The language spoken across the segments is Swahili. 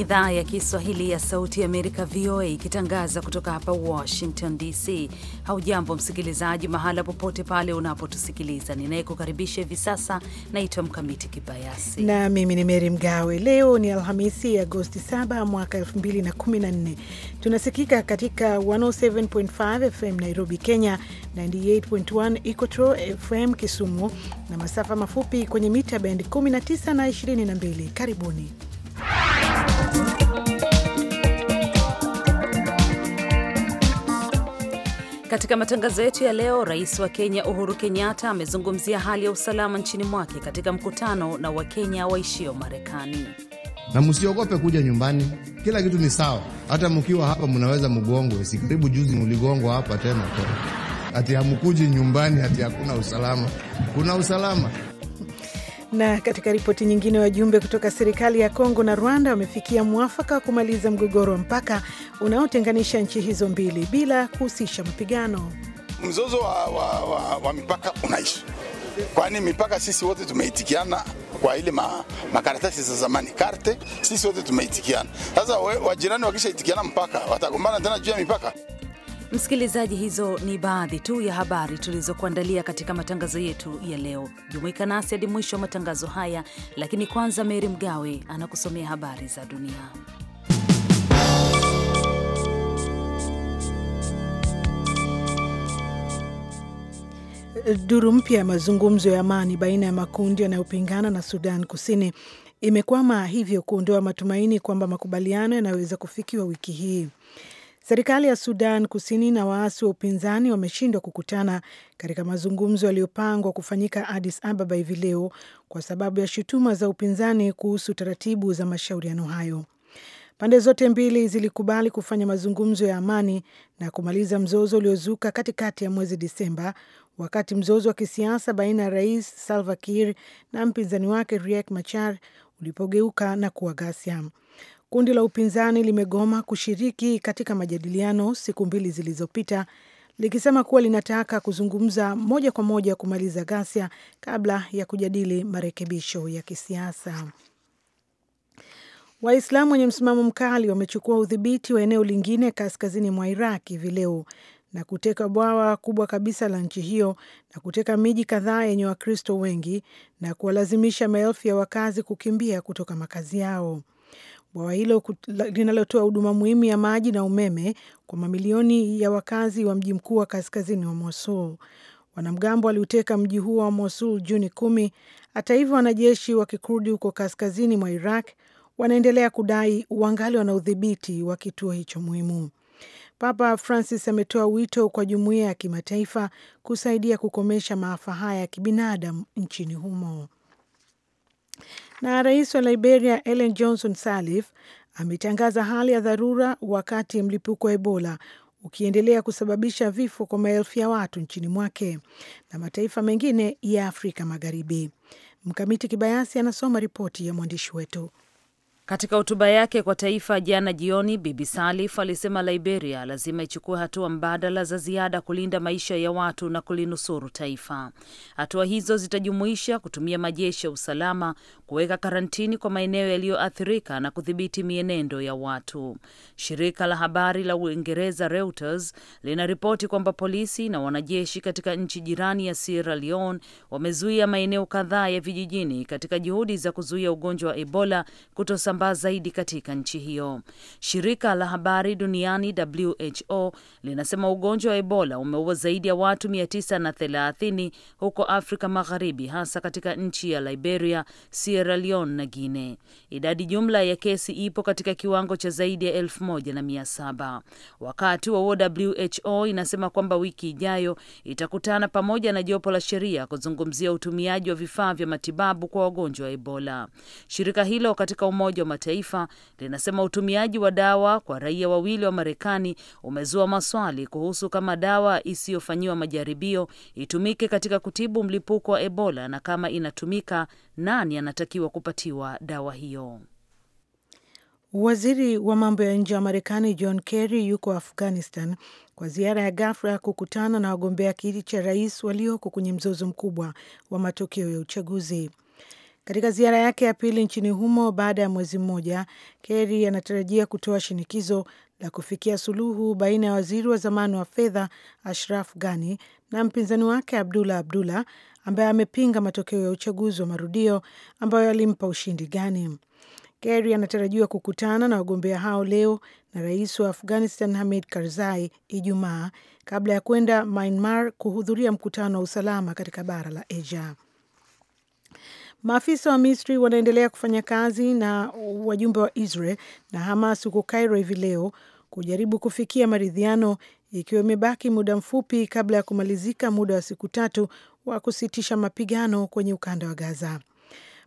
idhaa ya Kiswahili ya Sauti ya Amerika, VOA, ikitangaza kutoka hapa Washington DC. Haujambo msikilizaji, mahala popote pale unapotusikiliza. Ninayekukaribisha hivi sasa naitwa Mkamiti Kibayasi na mimi ni Meri Mgawe. Leo ni Alhamisi, Agosti 7 mwaka 2014. Tunasikika katika 107.5 FM Nairobi, Kenya, 98.1 Equator FM Kisumu na masafa mafupi kwenye mita bendi 19 na 22. Karibuni. Katika matangazo yetu ya leo, rais wa Kenya Uhuru Kenyatta amezungumzia hali ya usalama nchini mwake katika mkutano na Wakenya waishio Marekani. Na msiogope kuja nyumbani, kila kitu ni sawa. Hata mkiwa hapa mnaweza mgongwe, si karibu juzi muligongwa hapa tena tena. Hati hamkuji nyumbani, hati hakuna usalama. Kuna usalama. Na katika ripoti nyingine, wajumbe kutoka serikali ya Kongo na Rwanda wamefikia mwafaka wa kumaliza mgogoro wa mpaka unaotenganisha nchi hizo mbili bila kuhusisha mapigano. Mzozo wa, wa, wa, wa mipaka unaishi, kwani mipaka sisi wote tumeitikiana kwa ile ma, makaratasi za zamani karte, sisi wote tumeitikiana. Sasa wajirani wakishaitikiana mpaka watagombana tena juu ya mipaka? Msikilizaji, hizo ni baadhi tu ya habari tulizokuandalia katika matangazo yetu ya leo. Jumuika nasi hadi mwisho wa matangazo haya, lakini kwanza, Meri Mgawe anakusomea habari za dunia. Duru mpya ya mazungumzo ya amani baina ya makundi yanayopingana na Sudan Kusini imekwama, hivyo kuondoa matumaini kwamba makubaliano yanaweza kufikiwa wiki hii. Serikali ya Sudan Kusini na waasi wa upinzani wameshindwa kukutana katika mazungumzo yaliyopangwa kufanyika Addis Ababa hivi leo kwa sababu ya shutuma za upinzani kuhusu taratibu za mashauriano hayo. Pande zote mbili zilikubali kufanya mazungumzo ya amani na kumaliza mzozo uliozuka katikati ya mwezi Disemba, wakati mzozo wa kisiasa baina ya Rais Salva Kiir na mpinzani wake Riek Machar ulipogeuka na kuwa ghasia. Kundi la upinzani limegoma kushiriki katika majadiliano siku mbili zilizopita likisema kuwa linataka kuzungumza moja kwa moja kumaliza ghasia kabla ya kujadili marekebisho ya kisiasa. Waislamu wenye msimamo mkali wamechukua udhibiti wa eneo lingine kaskazini mwa Iraq hivi leo na kuteka bwawa kubwa kabisa la nchi hiyo na kuteka miji kadhaa yenye Wakristo wengi na kuwalazimisha maelfu ya wakazi kukimbia kutoka makazi yao. Bwawa hilo linalotoa huduma muhimu ya maji na umeme kwa mamilioni ya wakazi wa mji mkuu wa kaskazini wa Mosul. Wanamgambo waliuteka mji huo wa Mosul Juni kumi. Hata hivyo, wanajeshi wa kikurdi huko kaskazini mwa Iraq wanaendelea kudai uangali wana udhibiti wa kituo hicho muhimu. Papa Francis ametoa wito kwa jumuiya ya kimataifa kusaidia kukomesha maafa haya ya kibinadamu nchini humo. Na rais wa Liberia Ellen Johnson Sirleaf ametangaza hali ya dharura wakati mlipuko wa Ebola ukiendelea kusababisha vifo kwa maelfu ya watu nchini mwake na mataifa mengine ya Afrika Magharibi. Mkamiti Kibayasi anasoma ripoti ya mwandishi wetu. Katika hotuba yake kwa taifa jana jioni, Bibi Salif alisema Liberia lazima ichukue hatua mbadala za ziada kulinda maisha ya watu na kulinusuru taifa. Hatua hizo zitajumuisha kutumia majeshi ya usalama, kuweka karantini kwa maeneo yaliyoathirika na kudhibiti mienendo ya watu. Shirika la habari la Uingereza Reuters linaripoti kwamba polisi na wanajeshi katika nchi jirani ya Sierra Leone wamezuia maeneo kadhaa ya vijijini katika juhudi za kuzuia ugonjwa wa Ebola kutosa kusambaa zaidi katika nchi hiyo. Shirika la habari duniani WHO linasema ugonjwa wa Ebola umeua zaidi ya watu 930 huko Afrika Magharibi, hasa katika nchi ya Liberia, Sierra Leone na Guinea. Idadi jumla ya kesi ipo katika kiwango cha zaidi ya 17 Wakati wa WHO inasema kwamba wiki ijayo itakutana pamoja na jopo la sheria kuzungumzia utumiaji wa vifaa vya matibabu kwa wagonjwa wa Ebola. Shirika hilo katika Umoja wa Mataifa linasema utumiaji wa dawa kwa raia wawili wa Marekani umezua maswali kuhusu kama dawa isiyofanyiwa majaribio itumike katika kutibu mlipuko wa Ebola na kama inatumika, nani anatakiwa kupatiwa dawa hiyo. Waziri wa mambo ya nje wa Marekani John Kerry yuko Afghanistan kwa ziara ya ghafla kukutana na wagombea kiti cha rais walioko kwenye mzozo mkubwa wa matokeo ya uchaguzi. Katika ziara yake ya pili nchini humo baada ya mwezi mmoja, Keri anatarajia kutoa shinikizo la kufikia suluhu baina ya waziri wa zamani wa fedha Ashraf Ghani na mpinzani wake Abdullah Abdullah ambaye amepinga matokeo ya uchaguzi wa marudio ambayo alimpa ushindi Ghani. Keri anatarajiwa kukutana na wagombea hao leo na rais wa Afghanistan Hamid Karzai Ijumaa kabla ya kwenda Myanmar kuhudhuria mkutano wa usalama katika bara la Asia. Maafisa wa Misri wanaendelea kufanya kazi na wajumbe wa Israel na Hamas huko Cairo hivi leo kujaribu kufikia maridhiano, ikiwa imebaki muda mfupi kabla ya kumalizika muda wa siku tatu wa kusitisha mapigano kwenye ukanda wa Gaza.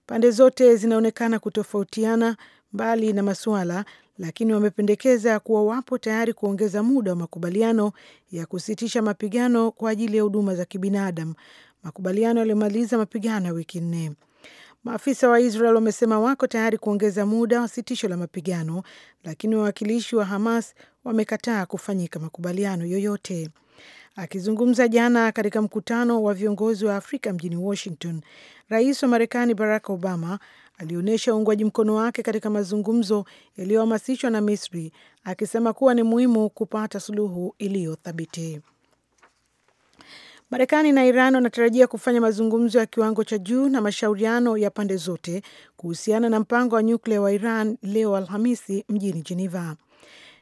Pande zote zinaonekana kutofautiana mbali na masuala, lakini wamependekeza kuwa wapo tayari kuongeza muda wa makubaliano ya kusitisha mapigano kwa ajili ya huduma za kibinadamu, makubaliano yaliyomaliza mapigano ya wiki nne. Maafisa wa Israel wamesema wako tayari kuongeza muda wa sitisho la mapigano, lakini wawakilishi wa Hamas wamekataa kufanyika makubaliano yoyote. Akizungumza jana katika mkutano wa viongozi wa Afrika mjini Washington, rais wa Marekani Barack Obama alionyesha uungwaji mkono wake katika mazungumzo yaliyohamasishwa na Misri, akisema kuwa ni muhimu kupata suluhu iliyothabiti. Marekani na Iran wanatarajia kufanya mazungumzo ya kiwango cha juu na mashauriano ya pande zote kuhusiana na mpango wa nyuklia wa Iran leo Alhamisi mjini Geneva.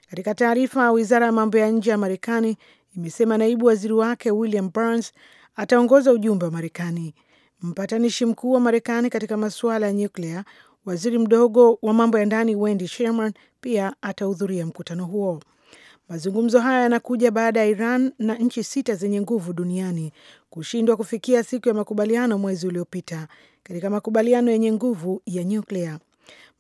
Katika taarifa, wizara ya mambo ya nje ya Marekani imesema naibu waziri wake William Burns ataongoza ujumbe wa Marekani. Mpatanishi mkuu wa Marekani katika masuala ya nyuklia, waziri mdogo wa mambo ya ndani Wendy Sherman, pia atahudhuria mkutano huo. Mazungumzo haya yanakuja baada ya Iran na nchi sita zenye nguvu duniani kushindwa kufikia siku ya makubaliano mwezi uliopita katika makubaliano yenye nguvu ya nyuklia.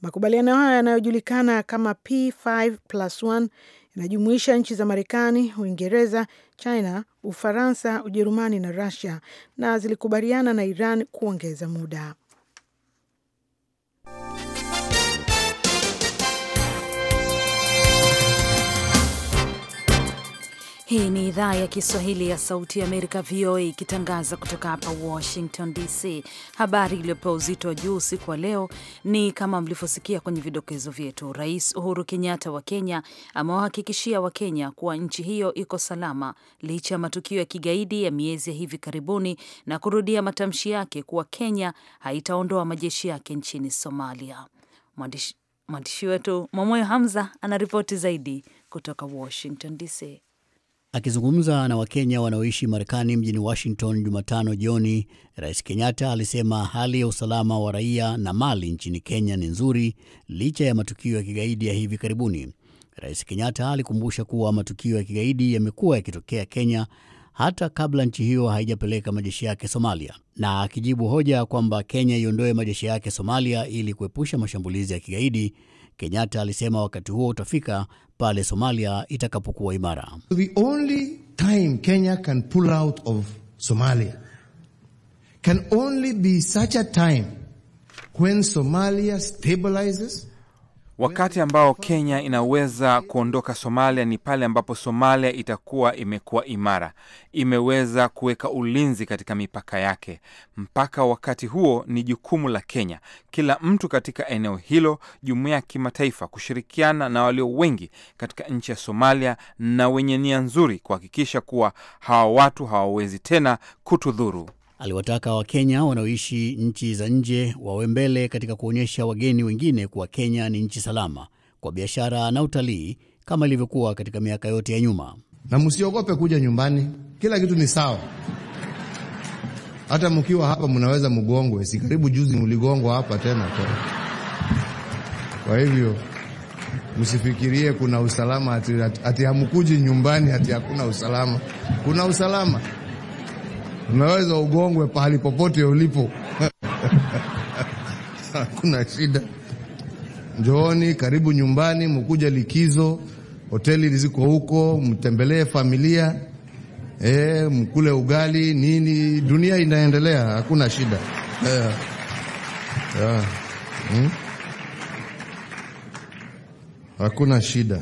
Makubaliano hayo yanayojulikana kama P5+1 inajumuisha nchi za Marekani, Uingereza, China, Ufaransa, Ujerumani na rasia na zilikubaliana na Iran kuongeza muda. Hii ni idhaa ya Kiswahili ya Sauti ya Amerika, VOA, ikitangaza kutoka hapa Washington DC. Habari iliyopewa uzito wa juu usiku wa leo ni kama mlivyosikia kwenye vidokezo vyetu, Rais Uhuru Kenyatta wa Kenya amewahakikishia Wakenya kuwa nchi hiyo iko salama licha ya matukio ya kigaidi ya miezi ya hivi karibuni na kurudia matamshi yake kuwa Kenya haitaondoa majeshi yake nchini Somalia. Mwandishi wetu Mwamoyo Hamza anaripoti zaidi kutoka Washington DC. Akizungumza na Wakenya wanaoishi Marekani mjini Washington Jumatano jioni, Rais Kenyatta alisema hali ya usalama wa raia na mali nchini Kenya ni nzuri licha ya matukio ya kigaidi ya hivi karibuni. Rais Kenyatta alikumbusha kuwa matukio ya kigaidi yamekuwa yakitokea Kenya hata kabla nchi hiyo haijapeleka majeshi yake Somalia, na akijibu hoja kwamba Kenya iondoe majeshi yake Somalia ili kuepusha mashambulizi ya kigaidi, Kenyatta alisema wakati huo utafika pale Somalia itakapokuwa imara. The only time Kenya can pull out of Somalia can only be such a time when Somalia stabilizes Wakati ambao Kenya inaweza kuondoka Somalia ni pale ambapo Somalia itakuwa imekuwa imara, imeweza kuweka ulinzi katika mipaka yake. Mpaka wakati huo ni jukumu la Kenya, kila mtu katika eneo hilo, jumuiya ya kimataifa, kushirikiana na walio wengi katika nchi ya Somalia na wenye nia nzuri kuhakikisha kuwa hawa watu hawawezi tena kutudhuru aliwataka Wakenya wanaoishi nchi za nje wawe mbele katika kuonyesha wageni wengine kuwa Kenya ni nchi salama kwa biashara na utalii kama ilivyokuwa katika miaka yote ya nyuma. Na msiogope kuja nyumbani, kila kitu ni sawa. Hata mkiwa hapa mnaweza mgongwe, si karibu juzi mligongwa hapa tena Kwa hivyo msifikirie kuna usalama ati, ati hamkuji nyumbani, ati hakuna usalama. Kuna usalama unaweza ugongwe pahali popote ulipo hakuna shida. Njooni, karibu nyumbani, mkuja likizo, hoteli ziko huko, mtembelee familia e, mkule ugali nini, dunia inaendelea, hakuna shida yeah. Yeah. Hmm? Hakuna shida.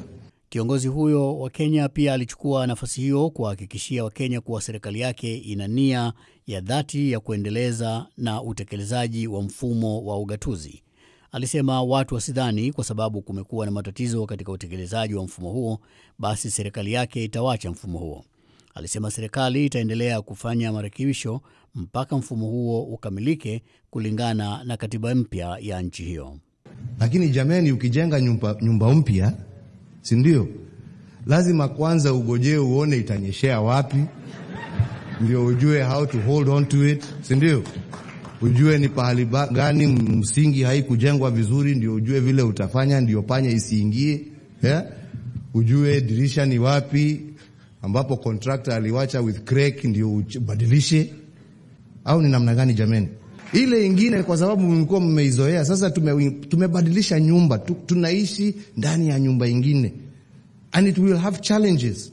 Kiongozi huyo wa Kenya pia alichukua nafasi hiyo kuwahakikishia Wakenya kuwa serikali yake ina nia ya dhati ya kuendeleza na utekelezaji wa mfumo wa ugatuzi. Alisema watu wasidhani kwa sababu kumekuwa na matatizo katika utekelezaji wa mfumo huo, basi serikali yake itawacha mfumo huo. Alisema serikali itaendelea kufanya marekebisho mpaka mfumo huo ukamilike kulingana na katiba mpya ya nchi hiyo. Lakini jameni, ukijenga nyumba, nyumba mpya si ndio? Lazima kwanza ugojee uone itanyeshea wapi, ndio ujue how to hold on to it, si ndio? Ujue ni pahali gani msingi haikujengwa vizuri, ndio ujue vile utafanya, ndio panya isiingie, yeah? Ujue dirisha ni wapi ambapo contractor aliwacha with crack, ndio ubadilishe, au ni namna gani jameni? Ile ingine kwa sababu mlikuwa mmeizoea, sasa tume, tumebadilisha nyumba tu, tunaishi ndani ya nyumba ingine and it will have challenges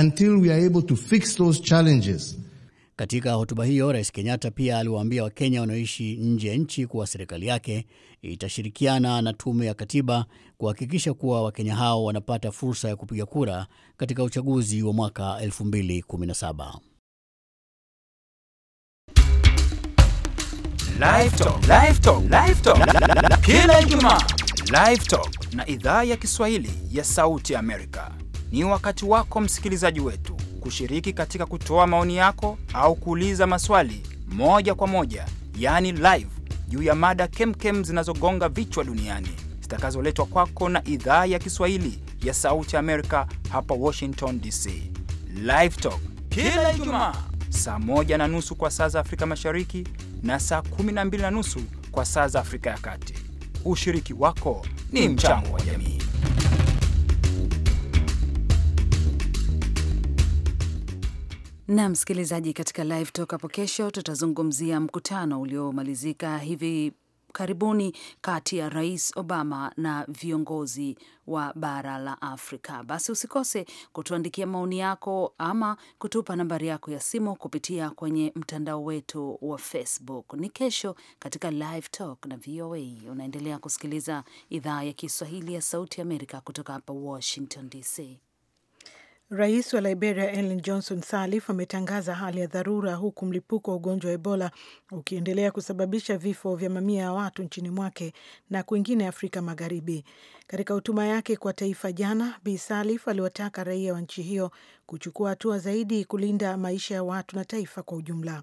until we are able to fix those challenges. Katika hotuba hiyo Rais Kenyatta pia aliwaambia Wakenya wanaoishi nje ya nchi kuwa serikali yake itashirikiana na tume ya katiba kuhakikisha kuwa Wakenya hao wanapata fursa ya kupiga kura katika uchaguzi wa mwaka 2017. kila Ijumaa. Live na idhaa ya Kiswahili ya Sauti Amerika. Ni wakati wako msikilizaji wetu kushiriki katika kutoa maoni yako au kuuliza maswali moja kwa moja, yani live, juu ya mada kemkem zinazogonga vichwa duniani zitakazoletwa kwako na idhaa ya Kiswahili ya Sauti Amerika hapa Washington DC. livetok kila Ijumaa saa moja na nusu kwa saa za Afrika Mashariki na saa 12 na nusu kwa saa za Afrika ya Kati. Ushiriki wako ni hmm, mchango wa jamii. Na msikilizaji, katika live talk hapo kesho tutazungumzia mkutano uliomalizika hivi karibuni kati ya Rais Obama na viongozi wa bara la Afrika. Basi usikose kutuandikia maoni yako ama kutupa nambari yako ya simu kupitia kwenye mtandao wetu wa Facebook. Ni kesho katika Live Talk na VOA. Unaendelea kusikiliza idhaa ya Kiswahili ya Sauti Amerika kutoka hapa Washington DC. Rais wa Liberia Ellen Johnson Sirleaf ametangaza hali ya dharura huku mlipuko wa ugonjwa wa Ebola ukiendelea kusababisha vifo vya mamia ya watu nchini mwake na kwingine Afrika Magharibi. Katika hotuba yake kwa taifa jana, Bi Sirleaf aliwataka raia wa nchi hiyo kuchukua hatua zaidi kulinda maisha ya watu na taifa kwa ujumla.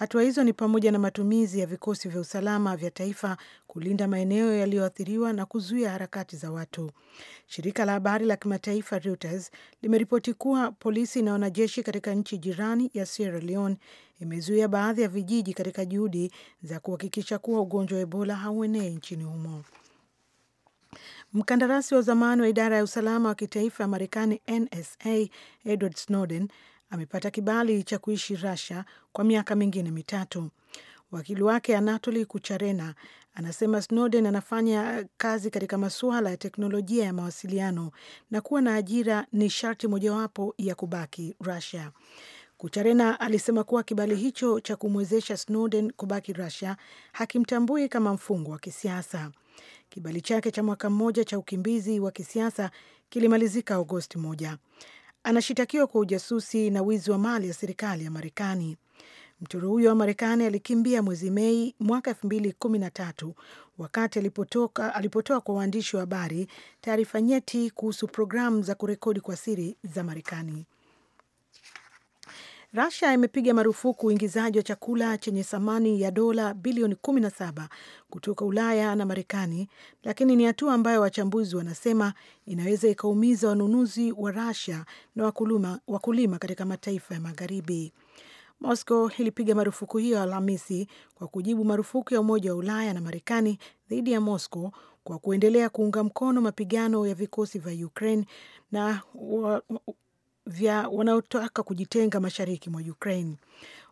Hatua hizo ni pamoja na matumizi ya vikosi vya usalama vya taifa kulinda maeneo yaliyoathiriwa na kuzuia harakati za watu. Shirika la habari la kimataifa Reuters limeripoti kuwa polisi na wanajeshi katika nchi jirani ya Sierra Leone imezuia baadhi ya vijiji katika juhudi za kuhakikisha kuwa ugonjwa wa Ebola hauenei nchini humo. Mkandarasi wa zamani wa idara ya usalama wa kitaifa ya Marekani, NSA, Edward Snowden amepata kibali cha kuishi Russia kwa miaka mingine mitatu. Wakili wake Anatoli Kucharena anasema Snowden anafanya kazi katika masuala ya teknolojia ya mawasiliano na kuwa na ajira ni sharti mojawapo ya kubaki Russia. Kucharena alisema kuwa kibali hicho cha kumwezesha Snowden kubaki Russia hakimtambui kama mfungwa wa kisiasa. Kibali chake cha mwaka mmoja cha ukimbizi wa kisiasa kilimalizika Agosti moja anashitakiwa kwa ujasusi na wizi wa mali ya serikali ya Marekani. Mtoro huyo wa Marekani alikimbia mwezi Mei mwaka elfu mbili kumi na tatu wakati alipotoka alipotoa kwa waandishi wa habari taarifa nyeti kuhusu programu za kurekodi kwa siri za Marekani rasia imepiga marufuku uingizaji wa chakula chenye thamani ya dola bilioni 17 kutoka Ulaya na Marekani, lakini ni hatua ambayo wachambuzi wanasema inaweza ikaumiza wanunuzi wa rasia na wakulima, wakulima katika mataifa ya Magharibi. Moscow ilipiga marufuku hiyo Alhamisi kwa kujibu marufuku ya Umoja wa Ulaya na Marekani dhidi ya Moscow kwa kuendelea kuunga mkono mapigano ya vikosi vya Ukraine na vya wanaotaka kujitenga mashariki mwa Ukraine.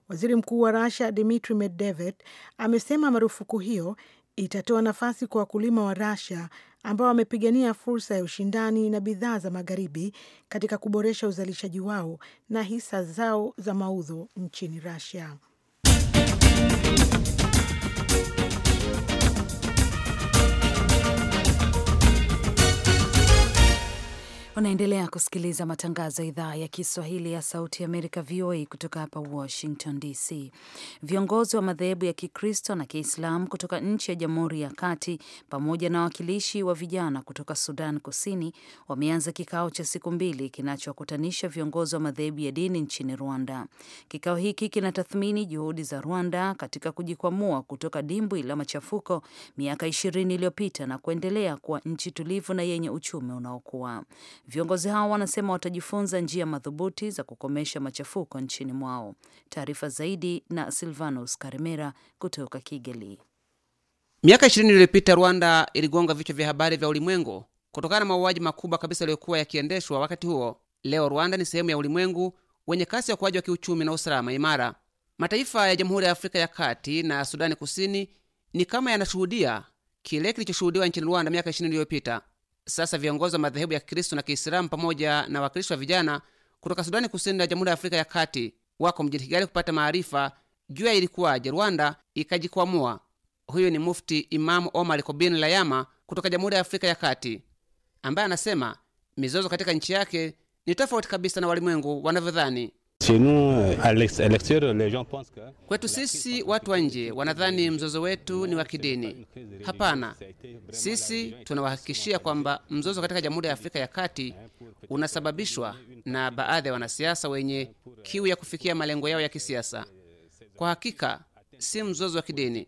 Waziri Mkuu wa rusia dmitri Medvedev amesema marufuku hiyo itatoa nafasi kwa wakulima wa rasia ambao wamepigania fursa ya ushindani na bidhaa za magharibi katika kuboresha uzalishaji wao na hisa zao za mauzo nchini rusia Unaendelea kusikiliza matangazo ya idhaa ya Kiswahili ya Sauti Amerika, VOA, kutoka hapa Washington DC. Viongozi wa madhehebu ya Kikristo na Kiislamu kutoka nchi ya Jamhuri ya Kati pamoja na wawakilishi wa vijana kutoka Sudan Kusini wameanza kikao cha siku mbili kinachokutanisha viongozi wa madhehebu ya dini nchini Rwanda. Kikao hiki kinatathmini juhudi za Rwanda katika kujikwamua kutoka dimbwi la machafuko miaka ishirini iliyopita na kuendelea kuwa nchi tulivu na yenye uchumi unaokua. Viongozi hao wanasema watajifunza njia madhubuti za kukomesha machafuko nchini mwao. Taarifa zaidi na Silvanus Karimera kutoka Kigali. Miaka ishirini iliyopita Rwanda iligonga vichwa vya habari vya ulimwengu kutokana na mauaji makubwa kabisa yaliyokuwa yakiendeshwa wakati huo. Leo Rwanda ni sehemu ya ulimwengu wenye kasi ya ukuaji wa kiuchumi na usalama imara. Mataifa ya Jamhuri ya Afrika ya Kati na Sudani Kusini ni kama yanashuhudia kile kilichoshuhudiwa nchini Rwanda miaka ishirini iliyopita. Sasa viongozi wa madhehebu ya Kikristo na Kiislamu pamoja na wakilishi wa vijana kutoka Sudani Kusini na Jamhuri ya Afrika ya Kati wako mjini Kigali kupata maarifa juu ya ilikuwaje Rwanda ikajikwamua. Huyu ni Mufti Imamu Omar Kobin Layama kutoka Jamhuri ya Afrika ya Kati, ambaye anasema mizozo katika nchi yake ni tofauti kabisa na walimwengu wanavyodhani. Euh, Kwetu sisi watu wa nje wanadhani mzozo wetu ni wa kidini. Hapana, sisi tunawahakikishia kwamba mzozo katika Jamhuri ya Afrika ya Kati unasababishwa na baadhi ya wanasiasa wenye kiu ya kufikia malengo yao ya kisiasa. Kwa hakika si mzozo wa kidini.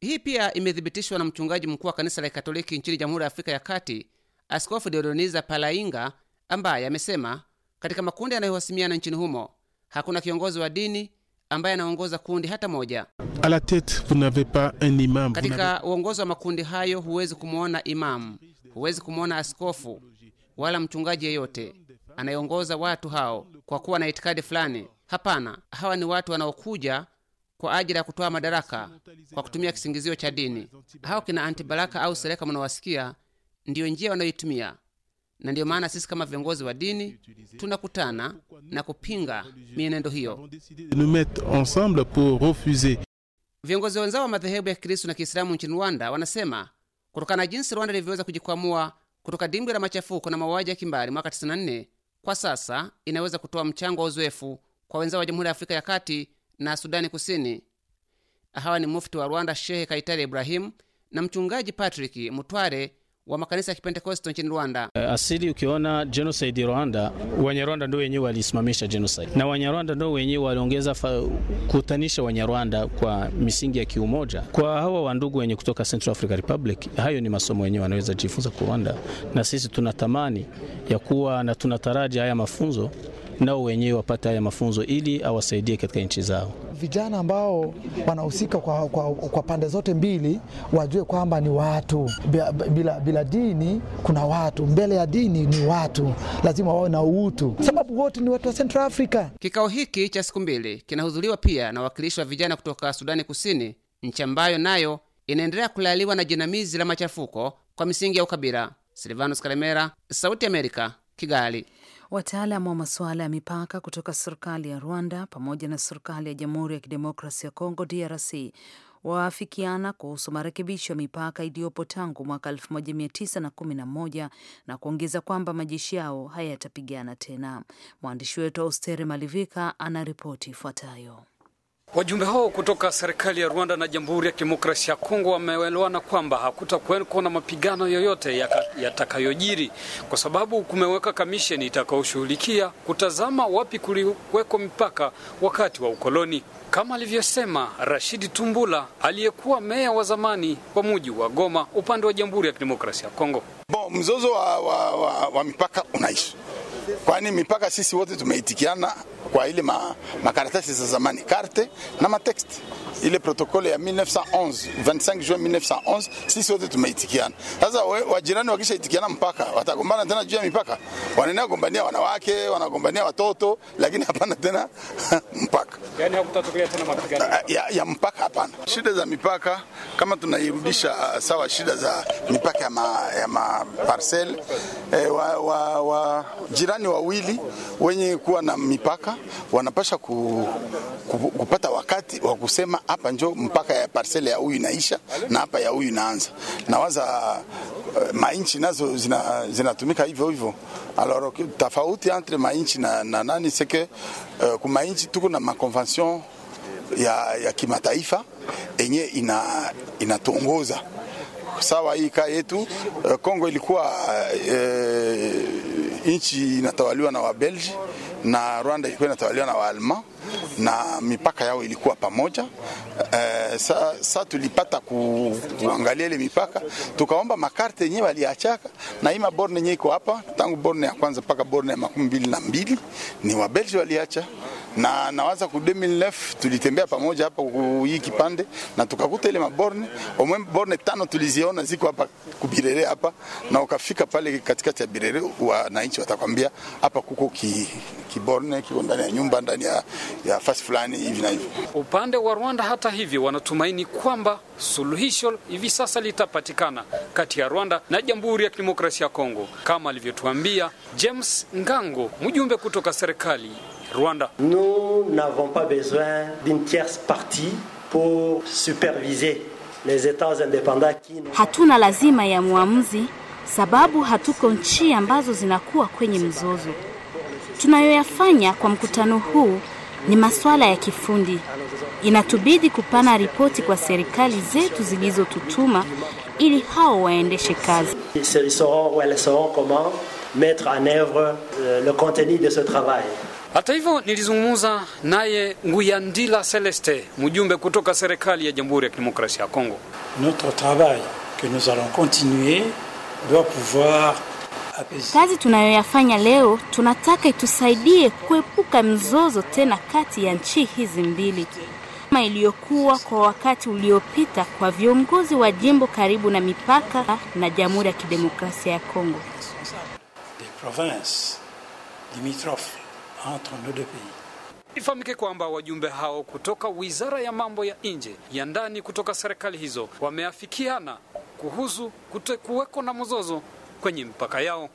Hii pia imethibitishwa na mchungaji mkuu wa kanisa la Katoliki nchini Jamhuri ya Afrika ya Kati, Askofu Diodoniza Palainga ambaye amesema katika makundi yanayohasimiana nchini humo hakuna kiongozi wa dini ambaye anaongoza kundi hata moja. A la tete, vous n'avez pas un imam. Katika uongozi wa makundi hayo huwezi kumwona imamu, huwezi kumwona askofu wala mchungaji yeyote anayeongoza watu hao kwa kuwa na itikadi fulani. Hapana, hawa ni watu wanaokuja kwa ajili ya kutoa madaraka kwa kutumia kisingizio cha dini. Hao kina Antibaraka au sereka mnawasikia, ndiyo njia wanayoitumia na ndiyo maana sisi kama viongozi wa dini tunakutana na kupinga mienendo hiyo. Viongozi wenzao wa madhehebu ya Kikristu na Kiislamu nchini Rwanda wanasema kutokana na jinsi Rwanda ilivyoweza kujikwamua kutoka dimbwi la machafuko na mauaji ya kimbari mwaka 94 kwa sasa inaweza kutoa mchango wa uzoefu kwa wenzao wa Jamhuri ya Afrika ya Kati na Sudani Kusini. Hawa ni mufti wa Rwanda Shehe Kaitari Ibrahimu na mchungaji Patrick Mutware wa makanisa ya Kipentekosto nchini Rwanda. Eh, asili ukiona genocide Rwanda, Wanyarwanda ndio wenyewe walisimamisha genocide na Wanyarwanda ndio wenyewe waliongeza kutanisha Wanyarwanda kwa misingi ya kiumoja. Kwa hawa wandugu wenye kutoka Central africa Republic, hayo ni masomo wenyewe wanaweza jifunza kwa Rwanda, na sisi tunatamani ya kuwa na tunataraji haya mafunzo nao wenyewe wapate haya mafunzo ili awasaidie katika nchi zao. Vijana ambao wanahusika kwa, kwa, kwa pande zote mbili wajue kwamba ni watu bila, bila, bila dini kuna watu, mbele ya dini ni watu, lazima wawe na utu, sababu wote ni watu wa Central Africa. Kikao hiki cha siku mbili kinahudhuriwa pia na wawakilishi wa vijana kutoka Sudani Kusini, nchi ambayo nayo inaendelea kulaliwa na jinamizi la machafuko kwa misingi ya ukabila. Silvanus Kalemera, Sauti ya Amerika, Kigali. Wataalam wa masuala ya mipaka kutoka serikali ya Rwanda pamoja na serikali ya Jamhuri ya Kidemokrasi ya Kongo DRC waafikiana kuhusu marekebisho ya mipaka iliyopo tangu mwaka 1911 na kuongeza kwamba majeshi yao hayatapigana tena. Mwandishi wetu Austere Malivika ana ripoti ifuatayo. Wajumbe hao kutoka serikali ya Rwanda na Jamhuri ya Kidemokrasia ya Kongo wameelewana kwamba hakutakuweko na mapigano yoyote yatakayojiri kwa sababu kumeweka kamisheni itakayoshughulikia kutazama wapi kuliweko mipaka wakati wa ukoloni, kama alivyosema Rashidi Tumbula aliyekuwa meya wa zamani wa mji wa Goma upande wa Jamhuri ya Kidemokrasia ya Kongo. Bon, mzozo wa, wa, wa, wa mipaka unaishi kwani mipaka sisi wote tumeitikiana kwa ile makaratasi za zamani, karte na mateksti ile protokole ya 1911 25 Juni 1911 sisi wote tumeitikiana. Sasa wajirani wakishaitikiana mpaka watagombana tena juu ya mipaka, wanaenda kugombania wanawake, wanagombania watoto, lakini hapana tena mpaka. Yani hakutatokea tena mapigano ah, ya, ya mpaka, hapana. Shida za mipaka kama tunairudisha ah, sawa, shida za mipaka ya ma, ya ma parcel eh, wa, wa, wa jirani wawili wenye kuwa na mipaka wanapasha ku, ku, kupata wakati wa kusema hapa njo mpaka ya parcele ya huyu inaisha na hapa ya huyu inaanza. Nawaza waza eh, mainchi nazo zinatumika zina hivyo hivyo. Alors tofauti entre mainchi na, na nani seke uh, eh, kumainchi tuko na makonvention ya, ya kimataifa enye inatongoza ina sawa hii kaa yetu eh, Kongo uh, ilikuwa uh, nchi inatawaliwa na Wabelgi na Rwanda ilikuwa inatawaliwa na Waalma na mipaka yao ilikuwa pamoja. E, sa, sa tulipata ku, kuangalia ile mipaka tukaomba makarte yenyewe waliachaka, na ima borne yenyewe iko hapa tangu borne ya kwanza mpaka borne ya makumi mbili na mbili ni Wabelgi waliacha na nawaza ku 2009 tulitembea pamoja hapa hii kipande na tukakuta ile maborne mwe borne tano tuliziona ziko hapa kubirere hapa, na ukafika pale katikati ya Birere, wananchi watakwambia hapa kuko ki, kiborne kiko ndani ya nyumba ndani ya, ya fasi fulani hivi na hivi. Upande wa Rwanda hata hivyo wanatumaini kwamba suluhisho hivi sasa litapatikana kati ya Rwanda na Jamhuri ya Kidemokrasia ya Kongo, kama alivyotuambia James Ngango, mjumbe kutoka serikali Rwanda. Nous n'avons pas besoin d'une tierce partie pour superviser les États indépendants. qui. Hatuna lazima ya muamuzi sababu hatuko nchi ambazo zinakuwa kwenye mzozo. Tunayoyafanya kwa mkutano huu ni masuala ya kifundi. Inatubidi kupana ripoti kwa serikali zetu zilizotutuma ili hao waendeshe kazi. Ils sauront ou elles sauront comment mettre en œuvre euh, le contenu de ce travail. Hata hivyo nilizungumza naye Nguyandila Celeste, mjumbe kutoka serikali ya Jamhuri ya Kidemokrasia ya Kongo. Notre travail que nous allons continuer doit pouvoir Kazi tunayoyafanya leo tunataka itusaidie kuepuka mzozo tena kati ya nchi hizi mbili kama iliyokuwa kwa wakati uliopita kwa viongozi wa jimbo karibu na mipaka na Jamhuri ya Kidemokrasia ya Kongo. limitrophes entre nos deux pays. Ifahamike kwamba wajumbe hao kutoka Wizara ya Mambo ya Nje ya ndani kutoka serikali hizo wameafikiana kuhusu kutokuweko na mzozo kwenye mpaka yao.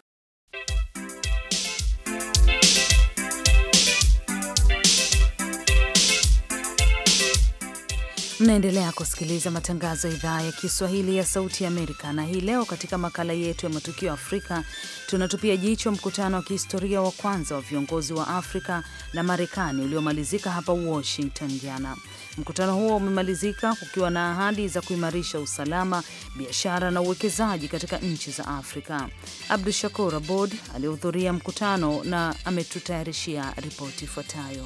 Mnaendelea kusikiliza matangazo ya idhaa ya Kiswahili ya Sauti ya Amerika, na hii leo katika makala yetu ya matukio Afrika tunatupia jicho mkutano wa kihistoria wa kwanza wa viongozi wa Afrika na Marekani uliomalizika hapa Washington jana. Mkutano huo umemalizika kukiwa na ahadi za kuimarisha usalama, biashara na uwekezaji katika nchi za Afrika. Abdu Shakur Abod alihudhuria mkutano na ametutayarishia ripoti ifuatayo.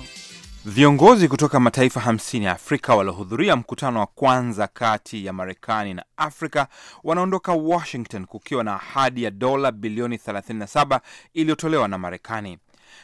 Viongozi kutoka mataifa 50 ya Afrika waliohudhuria mkutano wa kwanza kati ya Marekani na Afrika wanaondoka Washington kukiwa na ahadi ya dola bilioni 37 iliyotolewa na Marekani.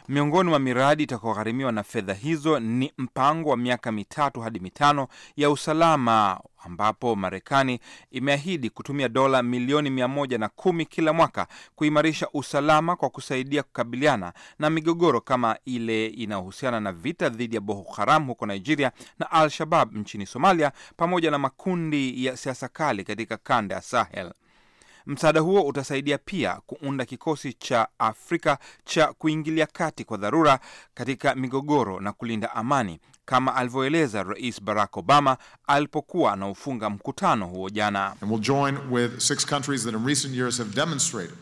Miongoni mwa miradi itakaogharimiwa na fedha hizo ni mpango wa miaka mitatu hadi mitano ya usalama ambapo Marekani imeahidi kutumia dola milioni mia moja na kumi kila mwaka kuimarisha usalama kwa kusaidia kukabiliana na migogoro kama ile inayohusiana na vita dhidi ya Boko Haram huko Nigeria na Al Shabab nchini Somalia, pamoja na makundi ya siasa kali katika kanda ya Sahel. Msaada huo utasaidia pia kuunda kikosi cha Afrika cha kuingilia kati kwa dharura katika migogoro na kulinda amani, kama alivyoeleza Rais Barack Obama alipokuwa anaufunga mkutano huo jana. And we'll join with six countries that in recent years have demonstrated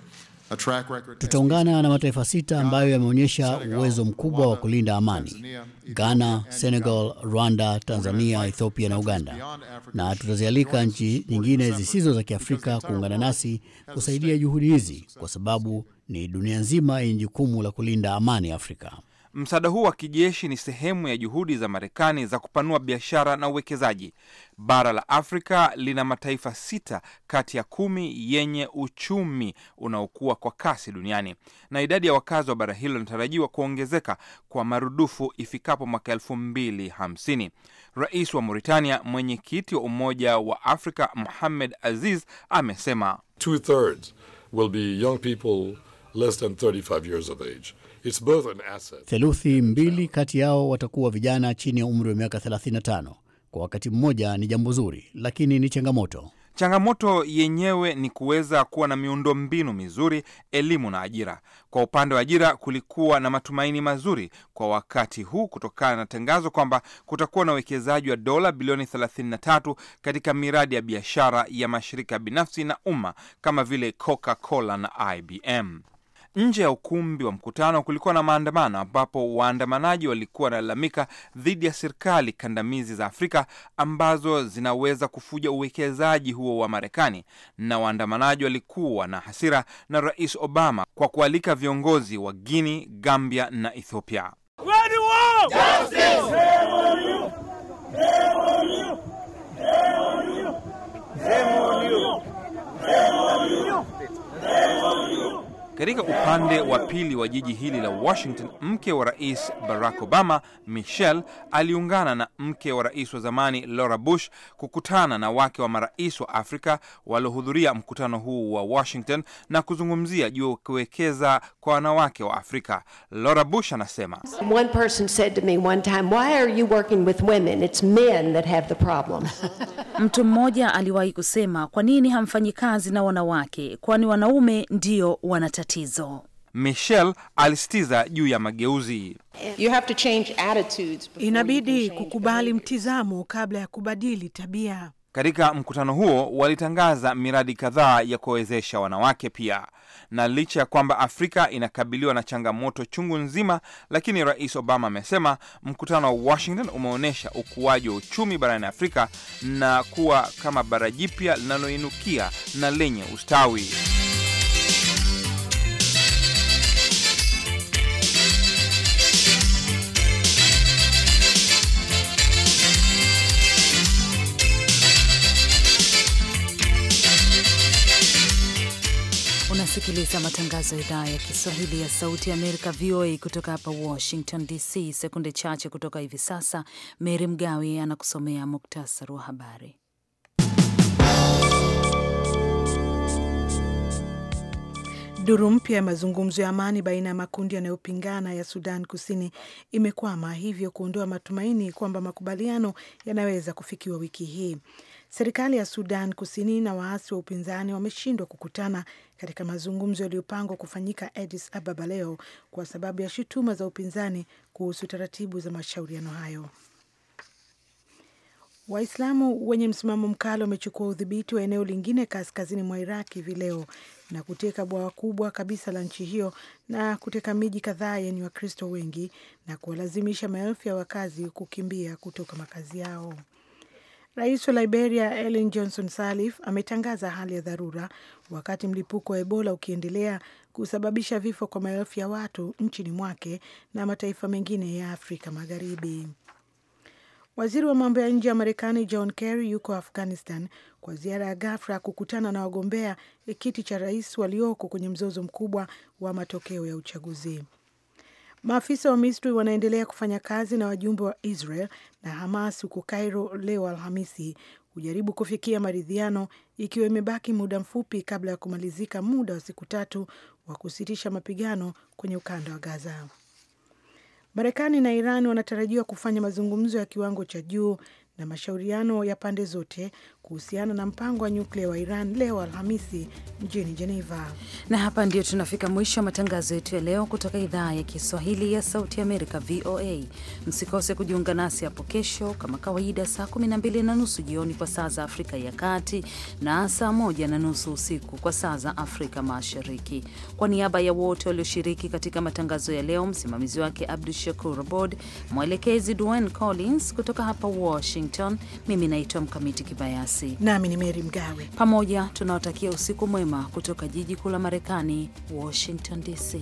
Tutaungana na mataifa sita ambayo yameonyesha uwezo mkubwa wa kulinda amani: Ghana, Senegal, Rwanda, Tanzania, Ethiopia na Uganda, na tutazialika nchi nyingine zisizo za Kiafrika kuungana nasi kusaidia juhudi hizi, kwa sababu ni dunia nzima yenye jukumu la kulinda amani Afrika. Msaada huu wa kijeshi ni sehemu ya juhudi za Marekani za kupanua biashara na uwekezaji. Bara la Afrika lina mataifa sita kati ya kumi yenye uchumi unaokuwa kwa kasi duniani, na idadi ya wakazi wa bara hilo inatarajiwa kuongezeka kwa marudufu ifikapo mwaka elfu mbili hamsini. Rais wa Mauritania, mwenyekiti wa Umoja wa Afrika muhamed Aziz amesema Two thirds will be young people less than 35 years of age. Theluthi mbili kati yao watakuwa vijana chini ya umri wa miaka 35. Kwa wakati mmoja ni jambo zuri, lakini ni changamoto. Changamoto yenyewe ni kuweza kuwa na miundombinu mizuri, elimu na ajira. Kwa upande wa ajira, kulikuwa na matumaini mazuri kwa wakati huu kutokana na tangazo kwamba kutakuwa na uwekezaji wa dola bilioni 33 katika miradi ya biashara ya mashirika binafsi na umma kama vile Coca-Cola na IBM. Nje ya ukumbi wa mkutano kulikuwa na maandamano ambapo waandamanaji walikuwa wanalalamika dhidi ya serikali kandamizi za Afrika ambazo zinaweza kufuja uwekezaji huo wa Marekani, na waandamanaji walikuwa na hasira na Rais Obama kwa kualika viongozi wa Guinea, Gambia na Ethiopia. Katika upande wa pili wa jiji hili la Washington, mke wa rais Barack Obama, Michelle, aliungana na mke wa rais wa zamani Laura Bush kukutana na wake wa marais wa Afrika waliohudhuria mkutano huu wa Washington na kuzungumzia juu ya kuwekeza kwa wanawake wa Afrika. Laura Bush anasema, one person said to me one time, why are you working with women? It's men that have the problem. Mtu mmoja aliwahi kusema, kwa nini hamfanyi kazi na wanawake? Kwani wanaume ndio wanatatiza matatizo. Michel alisitiza juu ya mageuzi. You have to change attitudes, inabidi kukubali mtizamo kabla ya kubadili tabia. Katika mkutano huo walitangaza miradi kadhaa ya kuwawezesha wanawake pia. Na licha ya kwamba Afrika inakabiliwa na changamoto chungu nzima, lakini Rais Obama amesema mkutano wa Washington umeonyesha ukuaji wa uchumi barani Afrika na kuwa kama bara jipya linaloinukia na lenye ustawi. unasikiliza matangazo ya idhaa ya Kiswahili ya Sauti ya Amerika, VOA, kutoka hapa Washington DC. Sekunde chache kutoka hivi sasa, Meri Mgawe anakusomea muktasari wa habari. Duru mpya ya mazungumzo ya amani baina ya makundi yanayopingana ya Sudan Kusini imekwama, hivyo kuondoa matumaini kwamba makubaliano yanaweza kufikiwa wiki hii. Serikali ya Sudan Kusini na waasi wa upinzani wameshindwa kukutana katika mazungumzo yaliyopangwa kufanyika Addis Ababa leo kwa sababu ya shutuma za upinzani kuhusu taratibu za mashauriano hayo. Waislamu wenye msimamo mkali wamechukua udhibiti wa eneo lingine kaskazini mwa Iraq hivi leo na kuteka bwawa kubwa kabisa la nchi hiyo na kuteka miji kadhaa yenye Wakristo wengi na kuwalazimisha maelfu ya wakazi kukimbia kutoka makazi yao. Rais wa Liberia Ellen Johnson Sirleaf ametangaza hali ya dharura wakati mlipuko wa Ebola ukiendelea kusababisha vifo kwa maelfu ya watu nchini mwake na mataifa mengine ya Afrika Magharibi. Waziri wa mambo ya nje ya Marekani John Kerry yuko Afghanistan kwa ziara ya ghafla kukutana na wagombea e kiti cha rais walioko kwenye mzozo mkubwa wa matokeo ya uchaguzi. Maafisa wa Misri wanaendelea kufanya kazi na wajumbe wa Israel na Hamas huko Cairo leo Alhamisi kujaribu kufikia maridhiano, ikiwa imebaki muda mfupi kabla ya kumalizika muda wa siku tatu wa kusitisha mapigano kwenye ukanda wa Gaza. Marekani na Iran wanatarajiwa kufanya mazungumzo ya kiwango cha juu na mashauriano ya pande zote kuhusiana na mpango wa nyuklia wa Iran leo Alhamisi mjini Geneva. Na hapa ndio tunafika mwisho wa matangazo yetu ya leo kutoka idhaa ya Kiswahili ya Sauti Amerika, VOA. Msikose kujiunga nasi hapo kesho kama kawaida, saa 12 na nusu jioni kwa saa za Afrika ya Kati na saa 1 na nusu usiku kwa saa za Afrika Mashariki. Kwa niaba ya wote walioshiriki katika matangazo ya leo, msimamizi wake Abdu Shakur Abod, mwelekezi Dwayne Collins, kutoka hapa Washington, mimi naitwa Mkamiti Kibayasi Kibayasi nami ni mary Mgawe. Pamoja tunawatakia usiku mwema kutoka jiji kuu la Marekani, Washington DC.